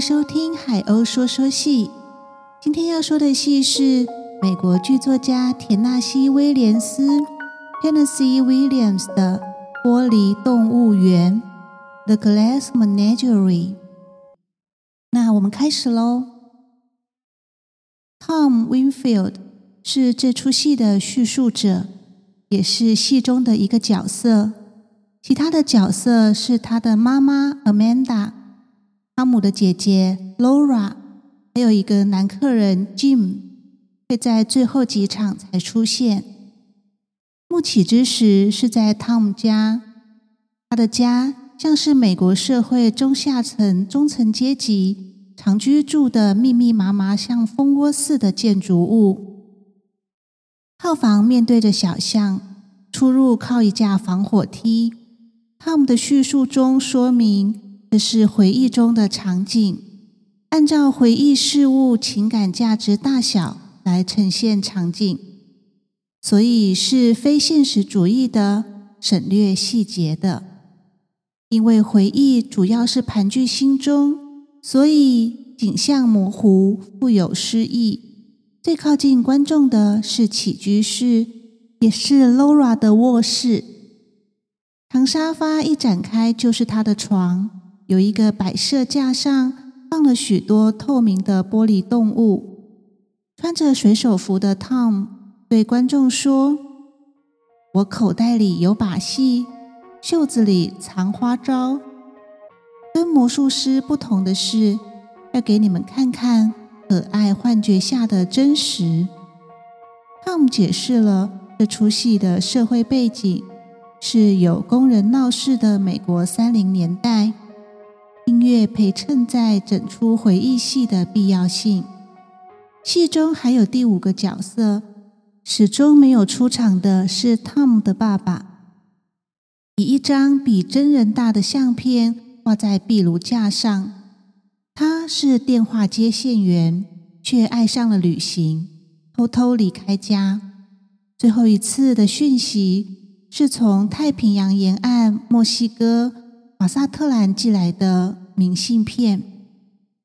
收聽海鷗說說戲。今天要說的戲是美國劇作家田納西·威廉斯 （Tennessee Williams） 的《玻璃動物園》（The Glass Menagerie）。那我們開始嘍。Tom Wingfield 是這出戲的敘述者，也是戲中的一個角色。其他的角色是他的媽媽 Amanda。湯姆的姐姐 Laura 還有一個男客人 Jim 會在最後幾場才出現。幕啟之時是在湯姆家，他的家像是美國社會中下層中層階級常居住的密密麻麻像蜂窩似的建築物。套房面對着小巷，出入靠一架防火梯。湯姆的敘述中說明。這是回憶中的場景，按照回憶事物情感價值大小來呈現場景，所以是非現實主義的，省略細節的。因為回憶主要是盤踞心中，所以景象模糊，富有詩意。最靠近觀眾的是起居室，也是 Laura 的臥室。長沙發一展開就是她的床。有一個擺設架上放了許多透明的玻璃動物。穿着水手服的 Tom 對觀眾說：“我口袋裡有把戲，袖子裡藏花招。跟魔術師不同的是，要給你們看看可愛幻覺下的真實。” Tom 解釋了這出戲的社會背景：是有工人鬧事的美國三零年代。音樂陪襯在整出回憶戲的必要性。戲中還有第五個角色，始終沒有出場的是湯姆的爸爸，以一張比真人大的相片掛在壁爐架上。他是電話接線員，卻愛上了旅行，偷偷離開家。最後一次的訊息是從太平洋沿岸墨西哥馬薩特蘭寄來的。明信片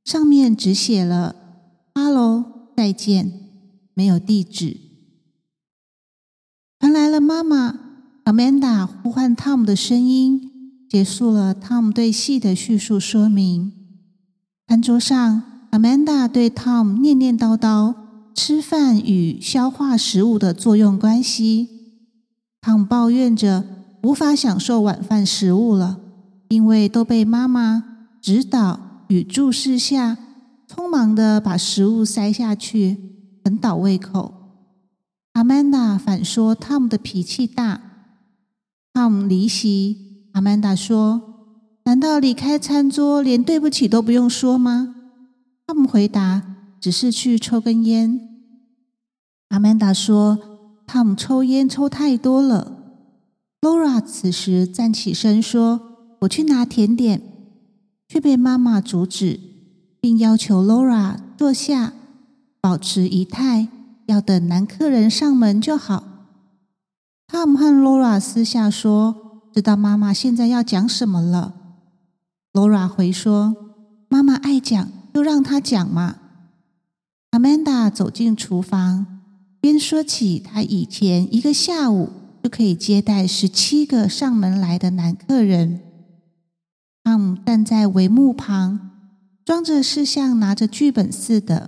上面只寫了 “Hello，再見”，沒有地址。傳來了媽媽 Amanda 呼喚 Tom 的聲音，結束了 Tom 對戲的敘述說明。餐桌上，Amanda 對 Tom 念念叨叨，吃飯與消化食物的作用關係。Tom 抱怨着無法享受晚飯食物了，因為都被媽媽。指導與注視下，匆忙地把食物塞下去，很倒胃口。阿曼達反說湯姆的脾氣大。湯姆離席，阿曼達說：“難道離開餐桌連對不起都不用說嗎？”湯姆回答：“只是去抽根煙。”阿曼達說：“湯姆抽煙抽太多了。” Laura 此時站起身說：“我去拿甜點。”卻被媽媽阻止，並要求 Laura 坐下，保持儀態，要等男客人上門就好。湯姆和 Laura 私下說：“知道媽媽現在要講什麼了。”Laura 回說：“媽媽愛講，就讓她講嘛。”Amanda 走進廚房，邊說起她以前一個下午就可以接待十七個上門來的男客人。湯姆站在帷幕旁，裝着是像拿着劇本似的，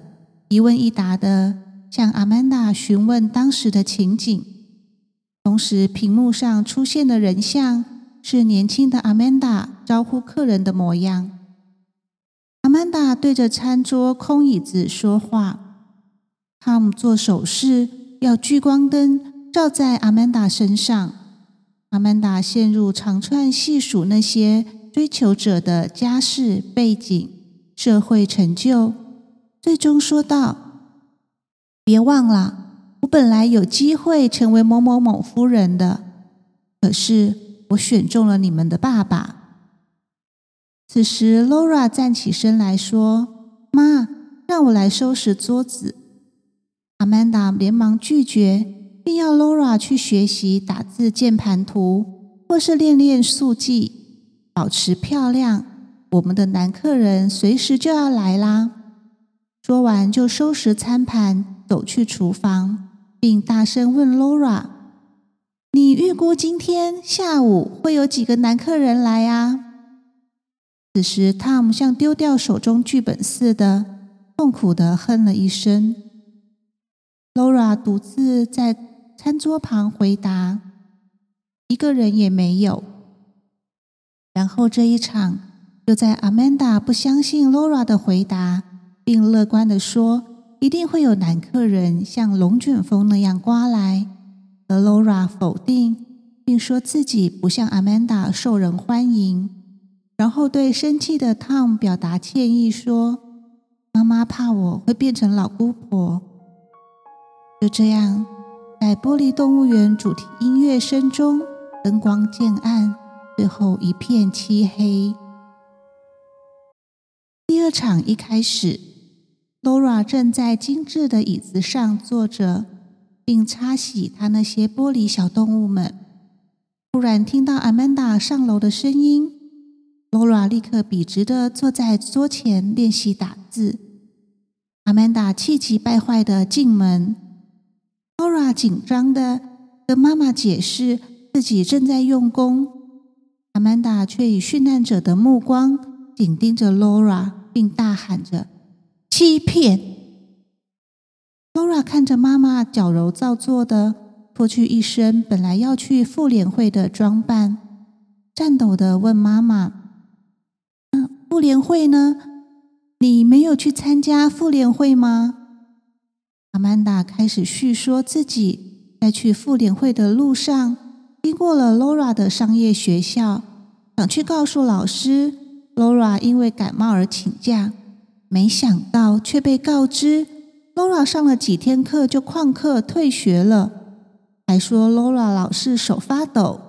一問一答的向阿曼達詢問當時的情景。同時，屏幕上出現的人像是年輕的阿曼達招呼客人的模樣。阿曼達對着餐桌空椅子說話，湯姆做手勢要聚光燈照在阿曼達身上。阿曼達陷入長串細數那些。追求者的家世背景、社會成就，最終說道：「別忘了，我本來有機會成為某某某夫人的，可是我選中了你們的爸爸。」此時，Laura 站起身來說：「媽，讓我來收拾桌子。」Amanda 連忙拒絕，並要 Laura 去學習打字鍵盤圖，或是練練速記。保持漂亮，我們的男客人隨時就要來啦！說完就收拾餐盤，走去廚房，並大聲問 Laura：“ 你預估今天下午會有幾個男客人來呀？”此時 Tom 像丟掉手中劇本似的，痛苦的哼了一聲。Laura 獨自在餐桌旁回答：“一個人也沒有。”然後這一場，就在 Amanda 不相信 Laura 的回答，並樂觀地說一定會有男客人像龍捲風那樣颳來，而 Laura 否定，並說自己不像 Amanda 受人歡迎。然後對生氣的 Tom 表達歉意說：“媽媽怕我會變成老姑婆。”就這樣，在玻璃動物園主題音樂聲中，燈光漸暗。最後一片漆黑。第二場一開始，Laura 正在精緻的椅子上坐着，並擦洗她那些玻璃小動物們。突然聽到 Amanda 上樓的聲音，Laura 立刻筆直地坐在桌前練習打字。Amanda 氣急敗壞地進門，Laura 緊張地跟媽媽解釋自己正在用功。阿曼達卻以殉難者的目光緊盯着 Laura，並大喊着：“欺騙！”Laura 看着媽媽矯揉造作的脫去一身本來要去婦聯會的裝扮，顫抖的問媽媽：“呃、婦聯會呢？你沒有去參加婦聯會嗎？”阿曼達開始敘說自己在去婦聯會的路上。經過了 Laura 的商業學校，想去告訴老師 Laura 因為感冒而請假，沒想到卻被告知 Laura 上了幾天課就曠課退學了，還說 Laura 老是手發抖。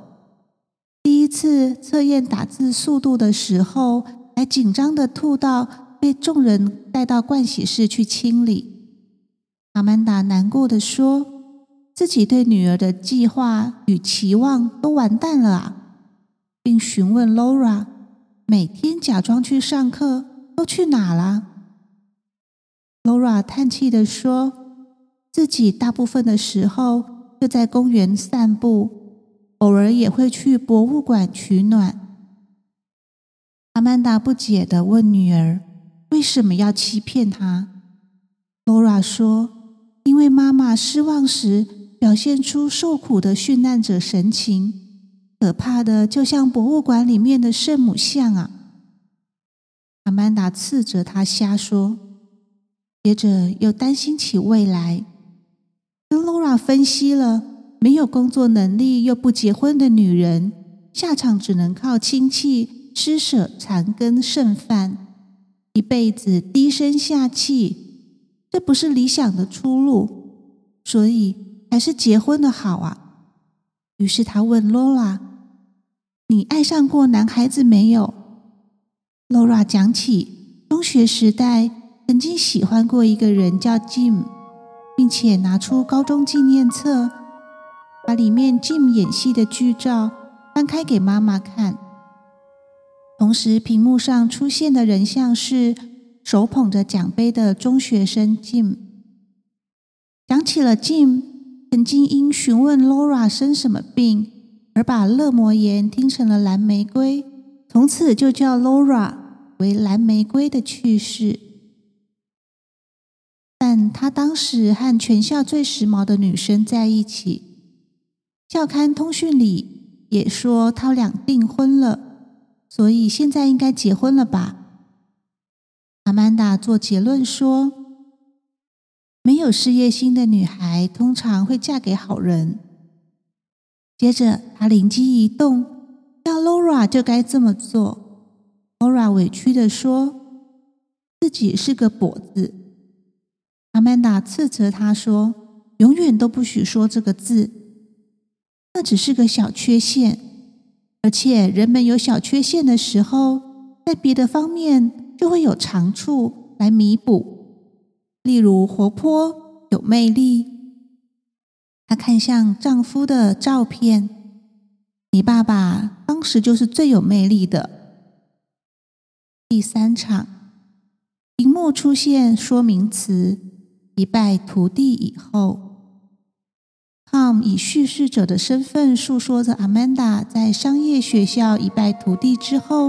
第一次測驗打字速度的時候，還緊張的吐到被眾人帶到盥洗室去清理。阿曼達難過的說。自己對女兒的計劃與期望都完蛋了啊！並詢問 Laura 每天假裝去上課都去哪了？Laura 嘆氣地說：“自己大部分的時候就在公園散步，偶爾也會去博物館取暖。”阿曼達不解地問女兒：“為什麼要欺騙她？”Laura 說：“因為媽媽失望時。”表現出受苦的殉難者神情，可怕的，就像博物館裡面的聖母像啊！阿曼達斥責她瞎說，接着又擔心起未來，跟 Laura 分析了沒有工作能力又不結婚的女人，下場只能靠親戚施捨殘羹剩飯，一輩子低聲下氣，這不是理想的出路，所以，還是結婚的好啊！於是他問 Laura，你愛上過男孩子沒有？Laura 講起中學時代曾經喜歡過一個人叫 Jim，並且拿出高中紀念冊，把裡面 Jim 演戲的劇照翻開給媽媽看。同時，屏幕上出現的人像是手捧着獎杯的中學生 Jim。講起了 Jim。曾經因詢問 Laura 生什麼病而把肋膜炎聽成了藍玫瑰，從此就叫 Laura 為藍玫瑰的趣事。但她當時和全校最時髦的女生在一起，校刊通訊裡也說他倆訂婚了，所以現在應該結婚了吧。阿曼達做結論說。沒有事業心的女孩通常會嫁給好人。接着，她靈機一動，叫 Laura 就該這麼做。Laura 委屈的說自己是個跛子。阿曼達斥責她說：“永遠都不許說這個字。那只是個小缺陷，而且人們有小缺陷的時候，在別的方面就會有長處來彌補。”例如活潑有魅力，她看向丈夫的照片。你爸爸當時就是最有魅力的。第三場，熒幕出現說明詞“一敗塗地”以後，Tom 以敘事者的身份訴說着 Amanda 在商業學校一敗塗地之後，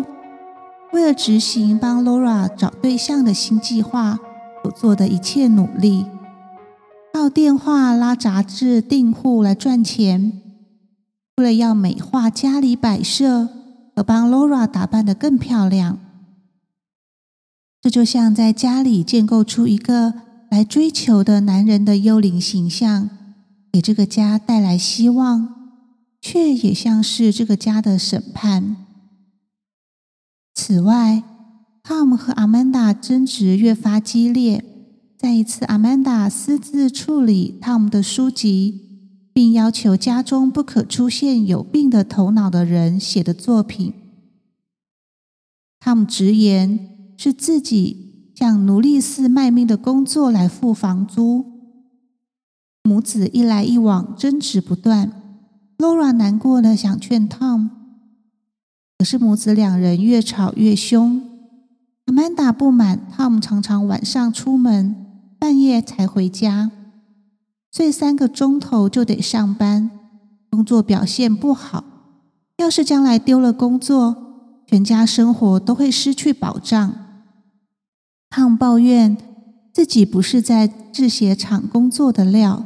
為了執行幫 Laura 找對象的新計劃。所做的一切努力，靠電話拉雜誌訂戶來賺錢，為了要美化家裡擺設而幫 Laura 打扮得更漂亮，這就像在家裡建構出一個來追求的男人的幽靈形象，給這個家帶來希望，卻也像是這個家的審判。此外。Tom 和 Amanda 爭執越發激烈。再一次，Amanda 私自處理 Tom 的書籍，並要求家中不可出現有病的頭腦的人寫的作品。Tom 直言是自己向奴隸似賣命的工作來付房租。母子一來一往爭執不斷。Laura 難過的想勸 Tom，可是母子兩人越吵越凶。阿曼達不滿 Tom 常常晚上出門，半夜才回家，睡三個鐘頭就得上班，工作表現不好。要是將來丟了工作，全家生活都會失去保障。Tom 抱怨自己不是在製鞋廠工作的料，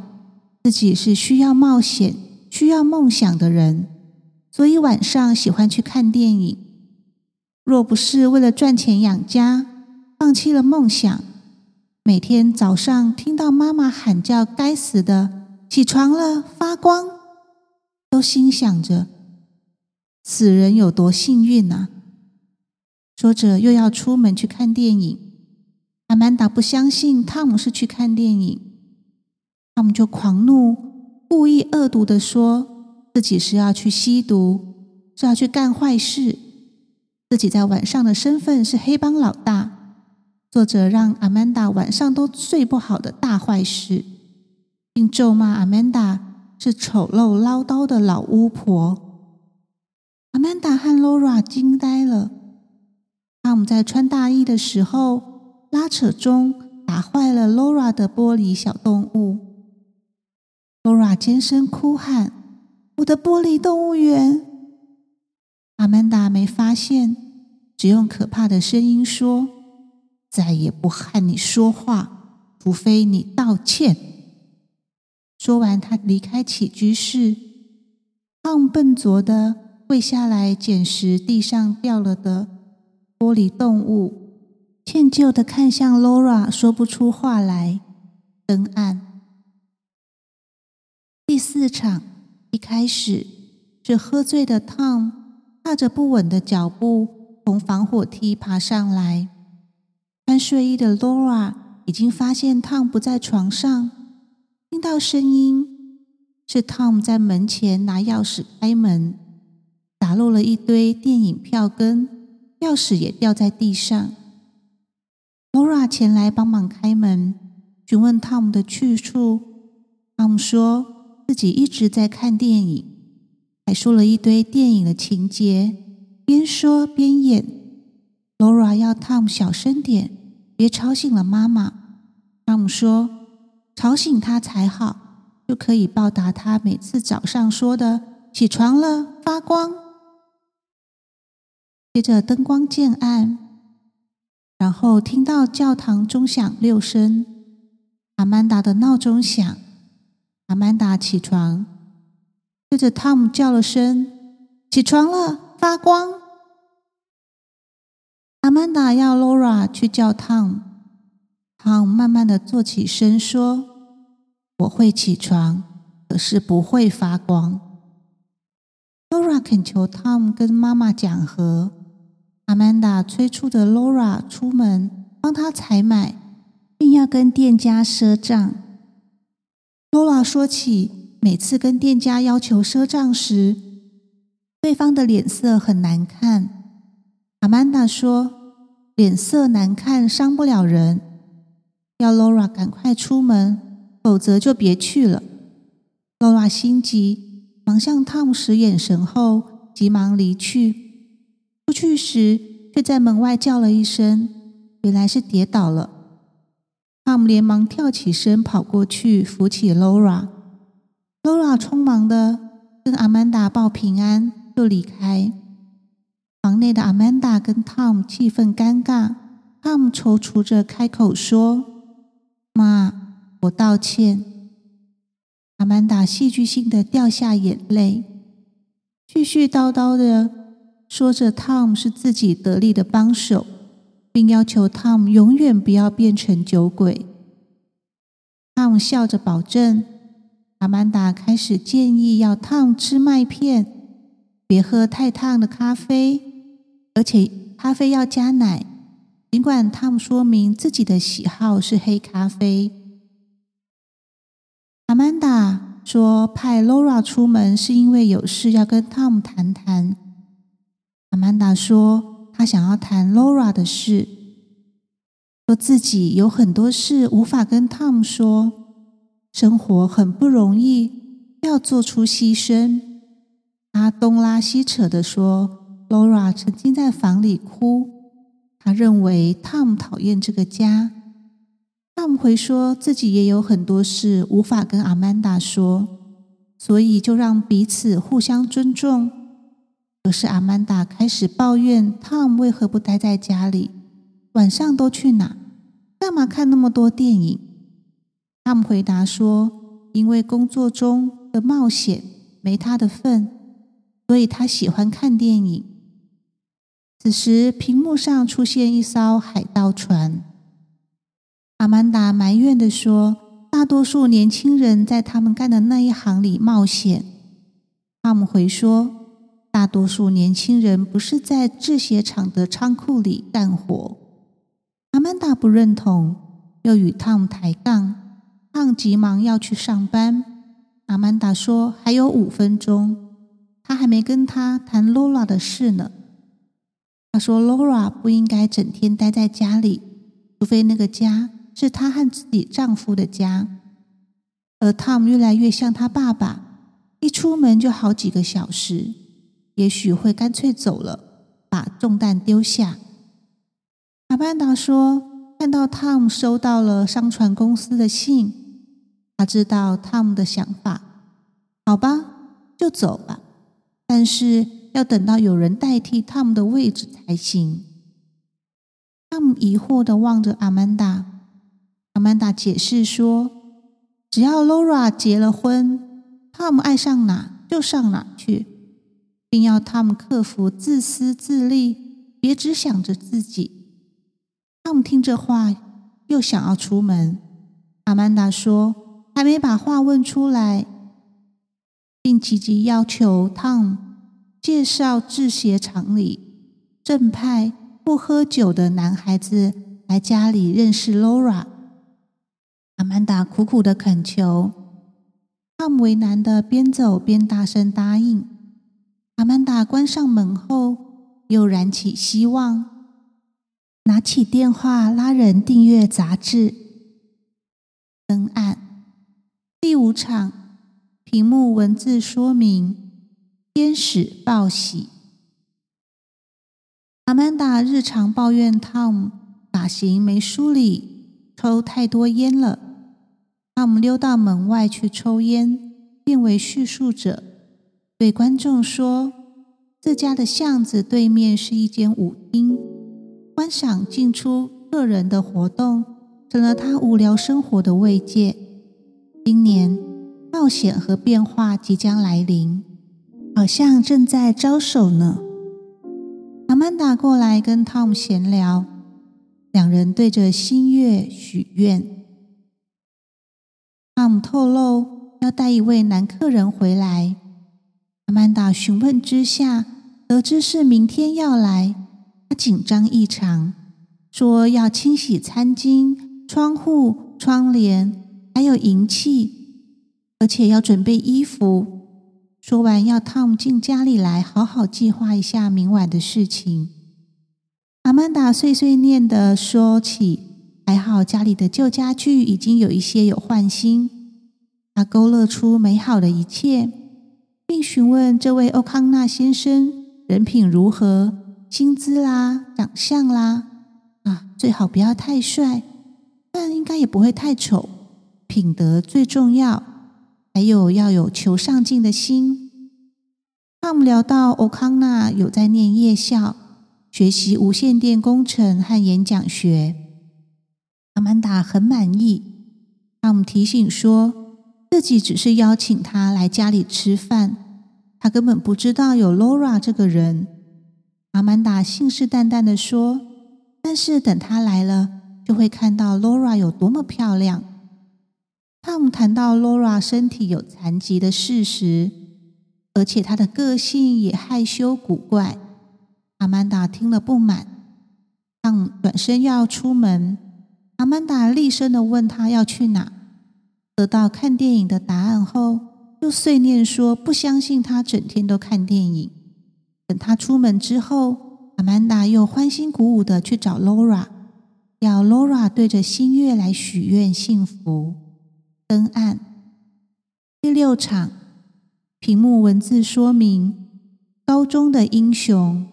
自己是需要冒險、需要夢想的人，所以晚上喜歡去看電影。若不是為了賺錢養家，放棄了夢想，每天早上聽到媽媽喊叫“該死的，起床了，發光”，都心想着死人有多幸運吶、啊！說着又要出門去看電影。阿曼達不相信湯姆是去看電影，湯姆就狂怒，故意惡毒地說自己是要去吸毒，是要去幹壞事。自己在晚上的身份是黑幫老大，做着讓阿曼達晚上都睡不好的大壞事，並咒罵阿曼達是醜陋嘮嘮叨的老巫婆。阿曼達和勞拉驚呆了。湯姆在穿大衣的時候拉扯中打壞了勞拉的玻璃小動物，勞拉尖聲哭喊：“我的玻璃動物園！”阿曼達沒發現，只用可怕的聲音說：“再也不和你說話，除非你道歉。”說完，他離開起居室。湯笨拙地跪下來撿拾地上掉了的玻璃動物，歉疚地看向 Laura，說不出話來。燈暗。第四場一開始是喝醉的湯姆。踏着不穩的腳步，從防火梯爬上來。穿睡衣的 Laura 已經發現湯 m 不在床上，聽到聲音是湯姆在門前拿鑰匙開門，打落了一堆電影票根，鑰匙也掉在地上。Laura 前來幫忙開門，詢問湯姆的去處。湯姆說自己一直在看電影。還說了一堆電影的情節，邊說邊演。Laura 要 Tom 小聲點，別吵醒了媽媽。Tom 說：“吵醒她才好，就可以報答她每次早上說的‘起床了，發光’。”接着燈光漸暗，然後聽到教堂鐘響六聲，阿曼達的鬧鐘響，阿曼達起床。對着湯姆叫了聲：“起床了，發光！”阿曼達要勞拉去叫湯姆。湯姆慢慢的坐起身，說：“我會起床，可是不會發光。”勞拉懇求湯姆跟媽媽講和。阿曼達催促着勞拉出門，幫她採買，並要跟店家賒賬。勞拉說起。每次跟店家要求賒賬時，對方的臉色很難看。阿曼達說：“臉色難看傷不了人，要勞拉趕快出門，否則就別去了。”勞拉心急，忙向湯姆使眼神後，急忙離去。出去時，卻在門外叫了一聲：“原來是跌倒了。”湯姆連忙跳起身，跑過去扶起勞拉。Lora 匆忙地跟阿曼達報平安，就離開。房內的阿曼達跟 Tom 氣氛尷尬。Tom 躊躇着開口說：“媽，我道歉。”阿曼達戲劇性地掉下眼淚，絮絮叨叨地說着 Tom 是自己得力的幫手，並要求 Tom 永遠不要變成酒鬼。Tom 笑着保證。阿曼達開始建議要湯姆吃麥片，別喝太燙的咖啡，而且咖啡要加奶。儘管湯姆說明自己的喜好是黑咖啡，阿曼達說派勞拉出門是因為有事要跟湯姆談談。阿曼達說她想要談勞拉的事，說自己有很多事無法跟湯姆說。生活很不容易，要做出犧牲。他東拉西扯地說，Laura 曾經在房裡哭。他認為 Tom 討厭這個家。Tom 回說自己也有很多事無法跟阿曼達說，所以就讓彼此互相尊重。可是阿曼達開始抱怨 Tom 為何不待在家裡，晚上都去哪？幹嘛看那麼多電影？湯姆回答說：“因為工作中的冒險沒他的份，所以他喜歡看電影。”此時，屏幕上出現一艘海盜船。阿曼達埋怨地說：“大多數年輕人在他們幹的那一行裡冒險。”湯姆回說：“大多數年輕人不是在制鞋廠的倉庫裡幹活。”阿曼達不認同，又與湯姆抬槓。湯急忙要去上班。阿曼達說：“還有五分鐘，他還沒跟他談羅拉的事呢。”他說：“羅拉不應該整天待在家裡，除非那個家是他和自己丈夫的家。”而湯越來越像他爸爸，一出門就好幾個小時，也許會乾脆走了，把重擔丟下。阿曼達說：“看到湯收到了商船公司的信。”他知道湯姆的想法，好吧，就走吧，但是要等到有人代替湯姆的位置才行。湯姆疑惑地望着阿曼達，阿曼達解釋說：“只要羅拉結了婚，湯姆愛上哪就上哪去，並要他們克服自私自利，別只想着自己。”湯姆聽這話又想要出門，阿曼達說。還沒把話問出來，並急急要求湯姆介紹製鞋廠裡正派不喝酒的男孩子來家裡認識 Laura。阿曼達苦苦的懇求，湯姆為難的邊走邊大聲答應。阿曼達關上門後，又燃起希望，拿起電話拉人訂閱雜誌。燈暗。第五場，屏幕文字說明：天使報喜。阿曼達日常抱怨 Tom 髮型沒梳理、抽太多煙了。Tom 溜到門外去抽煙，變為敘述者，對觀眾說：“自家的巷子對面是一間舞廳，觀賞進出客人的活動，成了他無聊生活的慰藉。”今年冒險和變化即將來臨，好像正在招手呢。阿曼達過來跟湯姆閒聊，兩人對着新月許願。湯姆透露要帶一位男客人回來。阿曼達詢問之下，得知是明天要來，他緊張異常，說要清洗餐巾、窗戶、窗簾。還有銀器，而且要準備衣服。說完，要 Tom 進家裡來，好好計劃一下明晚的事情。阿曼達碎碎念的說起，還好家裡的舊家具已經有一些有換新。她勾勒出美好的一切，並詢問這位奧康納先生人品如何、薪資啦、長相啦啊，最好不要太帥，但應該也不會太醜。品德最重要，還有要有求上進的心。湯姆聊到歐康納有在念夜校，學習無線電工程和演講學。阿曼達很滿意。湯姆提醒說自己只是邀請他來家裡吃飯，他根本不知道有 Laura 這個人。阿曼達信誓旦旦地說：“但是等他來了，就會看到 Laura 有多麼漂亮。” Tom 談到 Laura 身體有殘疾的事實，而且她的個性也害羞古怪。阿曼達聽了不滿，Tom 轉身要出門，阿曼達厲聲的問他要去哪，得到看電影的答案後，就碎念說不相信他整天都看電影。等他出門之後，阿曼達又歡欣鼓舞的去找 Laura，要 Laura 對着星月來許願幸福。登岸第六場，屏幕文字說明：高中的英雄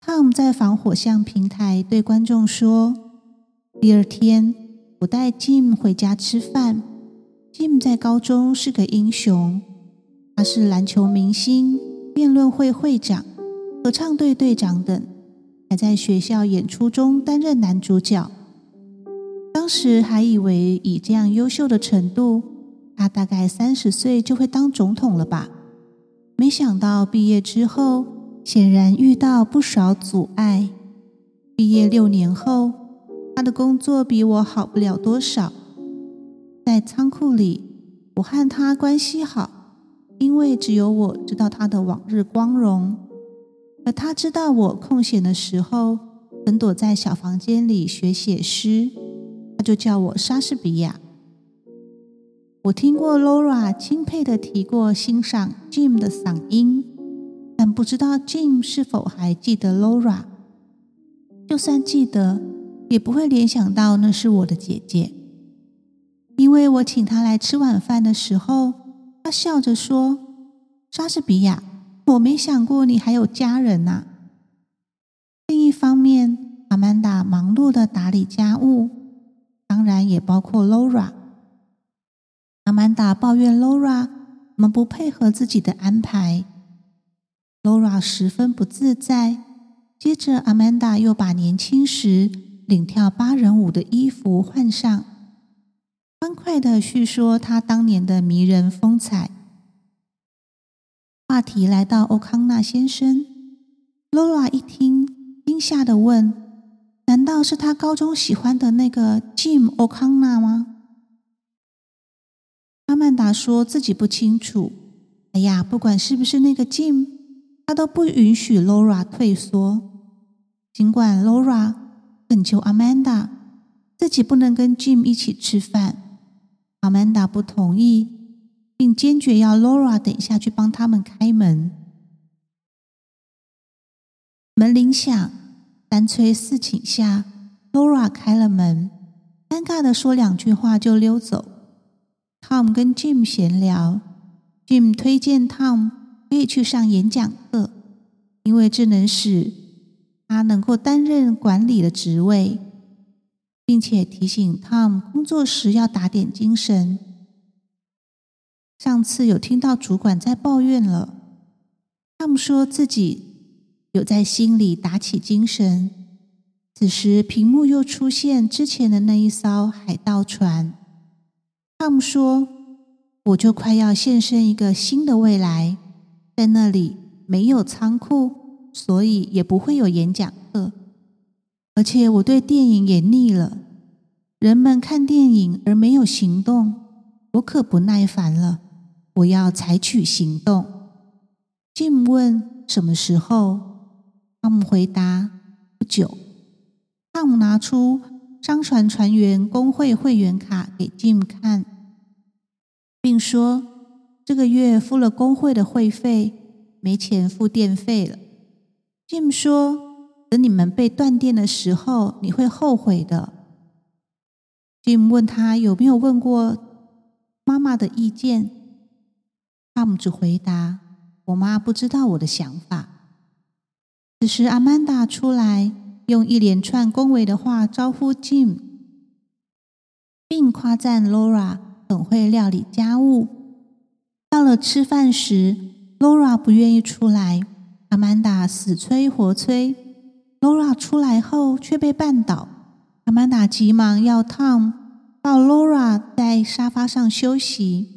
Tom 在防火巷平台對觀眾說：“第二天，我帶 Jim 回家吃飯。Jim 在高中是個英雄，他是籃球明星、辯論會會長、合唱隊隊長等，還在學校演出中擔任男主角。”當時還以為以這樣優秀的程度，他大概三十歲就會當總統了吧？沒想到畢業之後，顯然遇到不少阻礙。畢業六年後，他的工作比我好不了多少。在倉庫裡，我和他關係好，因為只有我知道他的往日光榮，而他知道我空閒的時候，總躲在小房間裡學寫詩。就叫我莎士比亞。我聽過 Laura 欽佩的提過欣賞 Jim 的嗓音，但不知道 Jim 是否還記得 Laura。就算記得，也不會聯想到那是我的姐姐，因為我請她來吃晚飯的時候，她笑着說：“莎士比亞，我沒想過你還有家人吶。”另一方面，阿曼達忙碌的打理家務。當然也包括 Laura。Amanda 抱怨 Laura 我們不配合自己的安排，Laura 十分不自在。接着 Amanda 又把年輕時領跳八人舞的衣服換上，歡快的敘說她當年的迷人風采。話題來到歐康納先生，Laura 一聽，驚嚇的問。難道是他高中喜歡的那個 Jim O'Connor 嗎？阿曼達說自己不清楚。哎呀，不管是不是那個 Jim，他都不允許 Laura 退縮。儘管 Laura 懇求阿曼達自己不能跟 Jim 一起吃飯，阿曼達不同意，並堅決要 Laura 等一下去幫他們開門。門鈴響。三催四請下，Laura 開了門，尷尬的說兩句話就溜走。Tom 跟 Jim 閒聊，Jim 推薦 Tom 可以去上演講課，因為這能使他能夠擔任管理的職位，並且提醒 Tom 工作時要打點精神。上次有聽到主管在抱怨了，Tom 說自己，有在心裡打起精神。此時，屏幕又出現之前的那一艘海盜船。湯姆說：“我就快要現身一個新的未來，在那裡沒有倉庫，所以也不會有演講課，而且我對電影也膩了。人們看電影而沒有行動，我可不耐煩了。我要採取行動。”Jim 問：“什麼時候？”湯姆回答，不久，湯姆拿出商船船員工會會員卡給 Jim 看，並說：‘這個月付了工會的會費，沒錢付電費了。’Jim 說：‘等你們被斷電的時候，你會後悔的。’Jim 問他有沒有問過媽媽的意見。湯姆只回答：‘我媽不知道我的想法。’此時阿曼達出來，用一連串恭維的話招呼 Jim，並誇讚 Laura 很會料理家務。到了吃飯時，Laura 不願意出來，阿曼達死催活催。Laura 出來後却被絆倒，阿曼達急忙要 Tom 抱 Laura 在沙發上休息，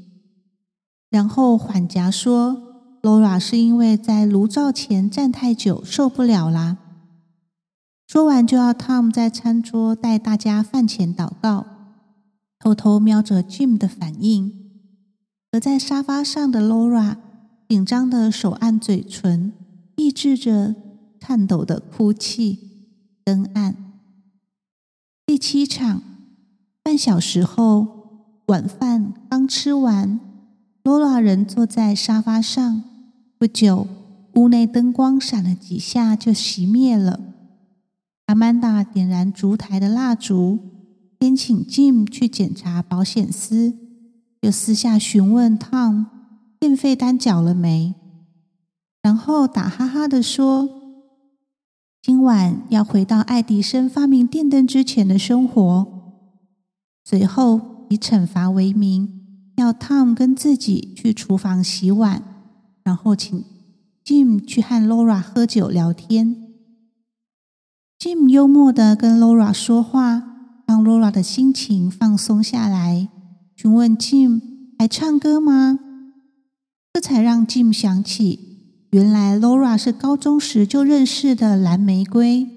然後緩頰說。Laura 是因為在爐灶前站太久受不了啦。說完就要 Tom 在餐桌帶大家飯前禱告，偷偷瞄着 Jim 的反應。而在沙發上的 Laura 緊張的手按嘴唇，抑制着顫抖的哭泣。燈暗。第七場，半小時後，晚飯剛吃完，Laura 仍坐在沙發上。不久，屋內燈光閃了幾下就熄滅了。阿曼達點燃燭台的蠟燭，先請 Jim 去檢查保險絲，又私下詢問 Tom 電費單繳了沒，然後打哈哈地說：“今晚要回到愛迪生發明電燈之前的生活。”隨後以懲罰為名，要 Tom 跟自己去廚房洗碗。然後請 Jim 去和 Laura 喝酒聊天。Jim 幽默地跟 Laura 說話，讓 Laura 的心情放鬆下來。詢問 Jim 還唱歌嗎？這才讓 Jim 想起，原來 Laura 是高中時就認識的藍玫瑰。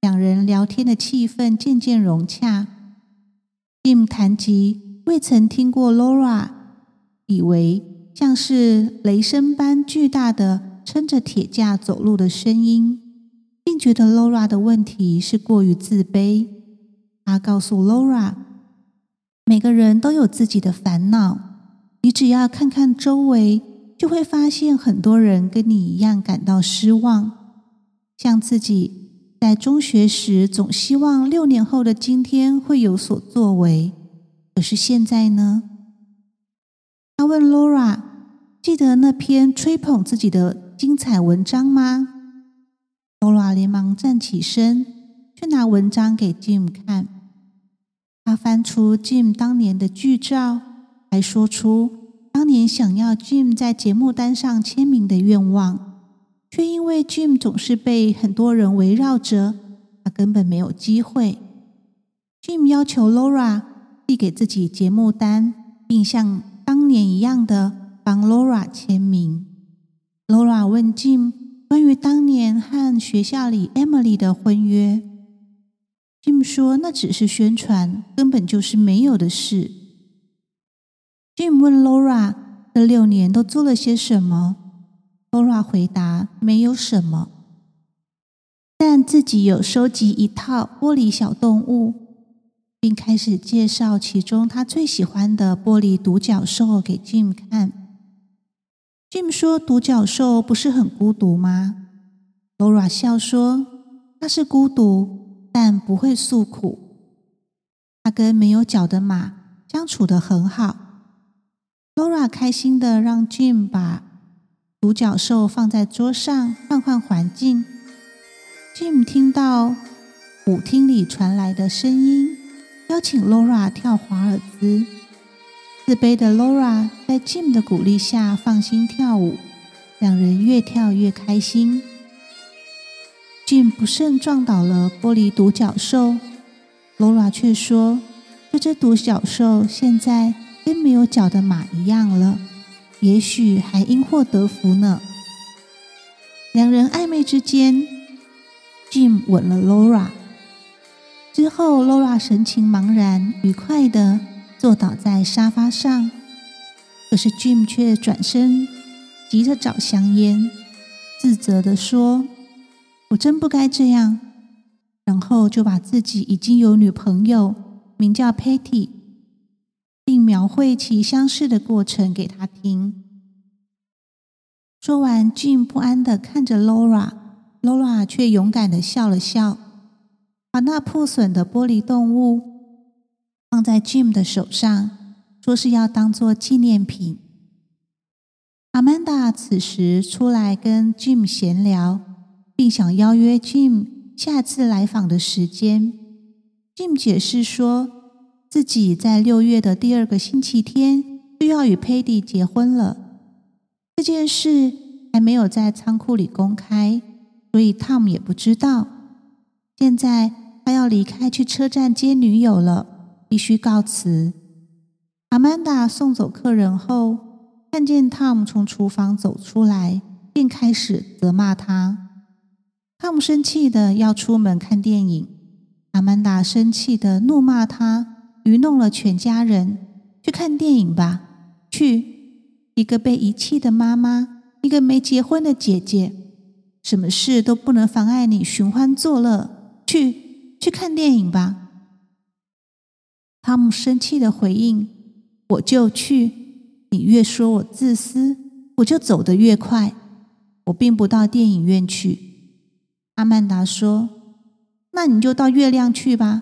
兩人聊天的氣氛漸漸融洽。Jim 談及未曾聽過 Laura，以為。像是雷聲般巨大的撐着鐵架走路的聲音，並覺得 Laura 的問題是過於自卑。他告訴 Laura 每個人都有自己的煩惱，你只要看看周圍，就會發現很多人跟你一樣感到失望。像自己在中學時，總希望六年後的今天會有所作為，可是現在呢？他問 Laura：“ 記得那篇吹捧自己的精彩文章嗎？” Laura 連忙站起身，卻拿文章給 Jim 看。他翻出 Jim 當年的劇照，還說出當年想要 Jim 在節目單上簽名的願望，卻因為 Jim 總是被很多人圍繞着，他根本沒有機會。Jim 要求 Laura 遞給自己節目單，並向。也一,一樣的幫 Laura 簽名。Laura 問 Jim 關於當年和學校裡 Emily 的婚約，Jim 說那只是宣傳，根本就是沒有的事。Jim 問 Laura 這六年都做了些什麼，Laura 回答沒有什麼，但自己有收集一套玻璃小動物。並開始介紹其中他最喜歡的玻璃獨角獸給 Jim 看。Jim 說：“獨角獸不是很孤獨嗎？”Laura 笑說：“它是孤獨，但不會訴苦。它跟沒有腳的馬相處得很好。”Laura 開心地讓 Jim 把獨角獸放在桌上，換換環境。Jim 聽到舞廳裡傳來的聲音。邀請 Laura 跳華爾茲。自卑的 Laura 在 Jim 的鼓勵下放心跳舞，兩人越跳越開心。Jim 不慎撞倒了玻璃獨角獸，Laura 卻說：“這只獨角獸現在跟沒有腳的馬一樣了，也許還因禍得福呢。”兩人曖昧之間，Jim 吻了 Laura。之後 Laura 神情茫然，愉快地坐倒在沙發上。可是 Jim 卻轉身，急着找香菸，自責地說：“我真不該這樣。”然後就把自己已經有女朋友，名叫 Patty，並描繪其相識的過程給她聽。說完，Jim 不安地看着 Laura，Laura 卻勇敢地笑了笑。把那破損的玻璃動物放在 Jim 的手上，說是要當做紀念品。Amanda 此時出來跟 Jim 閒聊，並想邀約 Jim 下次來訪的時間。Jim 解釋說自己在六月的第二個星期天就要與 Patty 結婚了，這件事還沒有在倉庫裡公開，所以 Tom 也不知道。現在。他要離開去車站接女友了，必須告辭。阿曼達送走客人後，看見湯姆從廚房走出來，便開始責罵他。湯姆生氣的要出門看電影，阿曼達生氣的怒罵他愚弄了全家人。去看電影吧，去！一個被遺棄的媽媽，一個沒結婚的姐姐，什麼事都不能妨礙你尋歡作樂。去！去看電影吧，湯姆生氣的回應：“我就去。你越說我自私，我就走得越快。我並不到電影院去。”阿曼達說：“那你就到月亮去吧，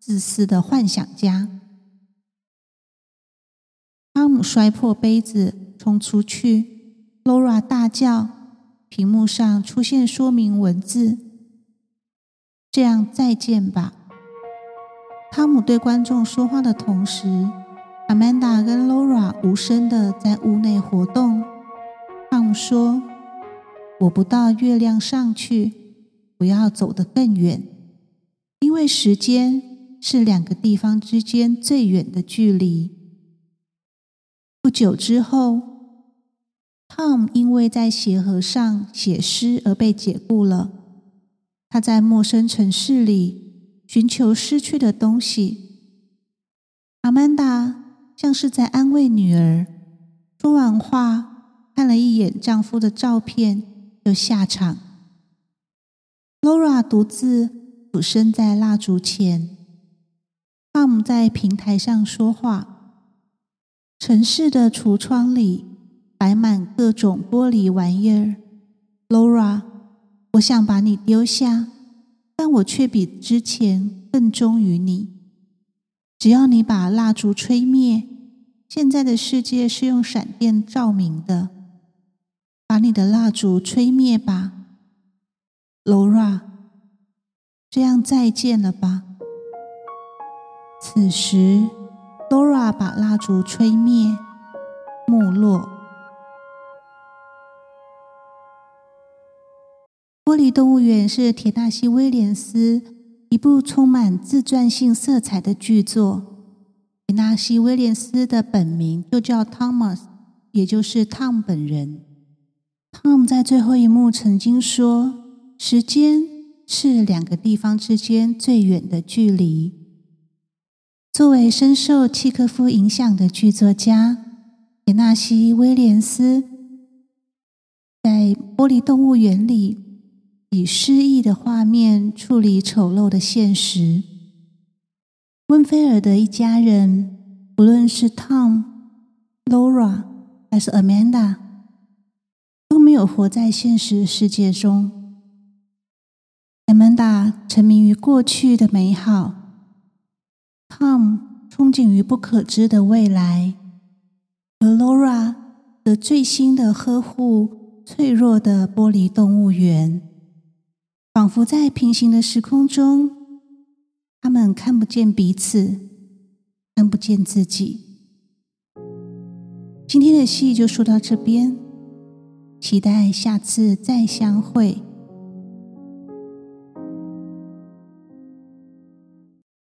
自私的幻想家。”湯姆摔破杯子，衝出去。勞拉大叫：“屏幕上出現說明文字。”這樣再見吧，湯姆對觀眾說話的同時，Amanda 跟 Laura 無聲的在屋內活動。湯姆說：“我不到月亮上去，我要走得更遠，因為時間是兩個地方之間最遠的距離。”不久之後，湯姆因為在鞋盒上寫詩而被解雇了。她在陌生城市裡尋求失去的東西。阿曼達像是在安慰女兒，說完話，看了一眼丈夫的照片，就下場。Laura 獨自俯身在蠟燭前。Tom 在平台上說話。城市的櫥窗裡擺滿各種玻璃玩意兒。Laura 我想把你丟下，但我卻比之前更忠於你。只要你把蠟燭吹滅，現在的世界是用閃電照明的。把你的蠟燭吹滅吧，Laura，這樣再見了吧。此時，Laura 把蠟燭吹滅，幕落。《玻璃動物園》是田納西·威廉斯一部充滿自傳性色彩的劇作。田納西·威廉斯的本名就叫 Thomas，也就是 Tom 本人。Tom 在最後一幕曾經說：“時間是兩個地方之間最遠的距離。”作為深受契訶夫影響的劇作家，田納西·威廉斯在《玻璃動物園》裡，以詩意的畫面處理醜陋的現實。溫菲爾德一家人，不論是 Tom、Laura 還是 Amanda，都沒有活在現實世界中。Amanda 沉迷於過去的美好，Tom 憧憬於不可知的未來，而 Laura 則醉心的呵護脆弱的玻璃動物園。仿佛在平行的時空中，他們看不見彼此，看不見自己。今天的戲就說到這邊，期待下次再相會。